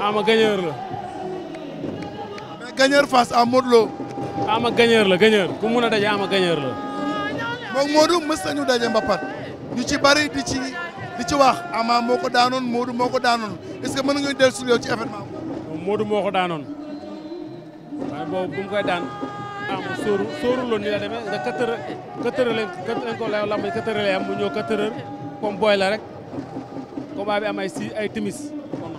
Ama gagneur la. mais gagneur face à Modou Lo. la gagneur ku mun a daje Ama gagneur la. moom Modou daje mbapat ñu ci bari di ci wax Ama moo ko daanoon Modou moo ko daanoon est-ce que mën nga dellu si yow ci événement boobu. Modou moo ko daanoon waaye boobu bu koy daan Ama ah, sóoru sóoru ni la demee da 4 heures ko la lamb 4 mu ñëw 4 heures comme booy la rek combat bi am ay si ay timis.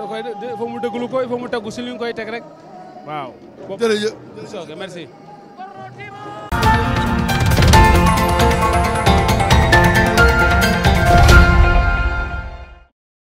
da koy il faut mu déglu ko il faut mu tegu si li ñu koy teg rek waaw. jërëjëf merci.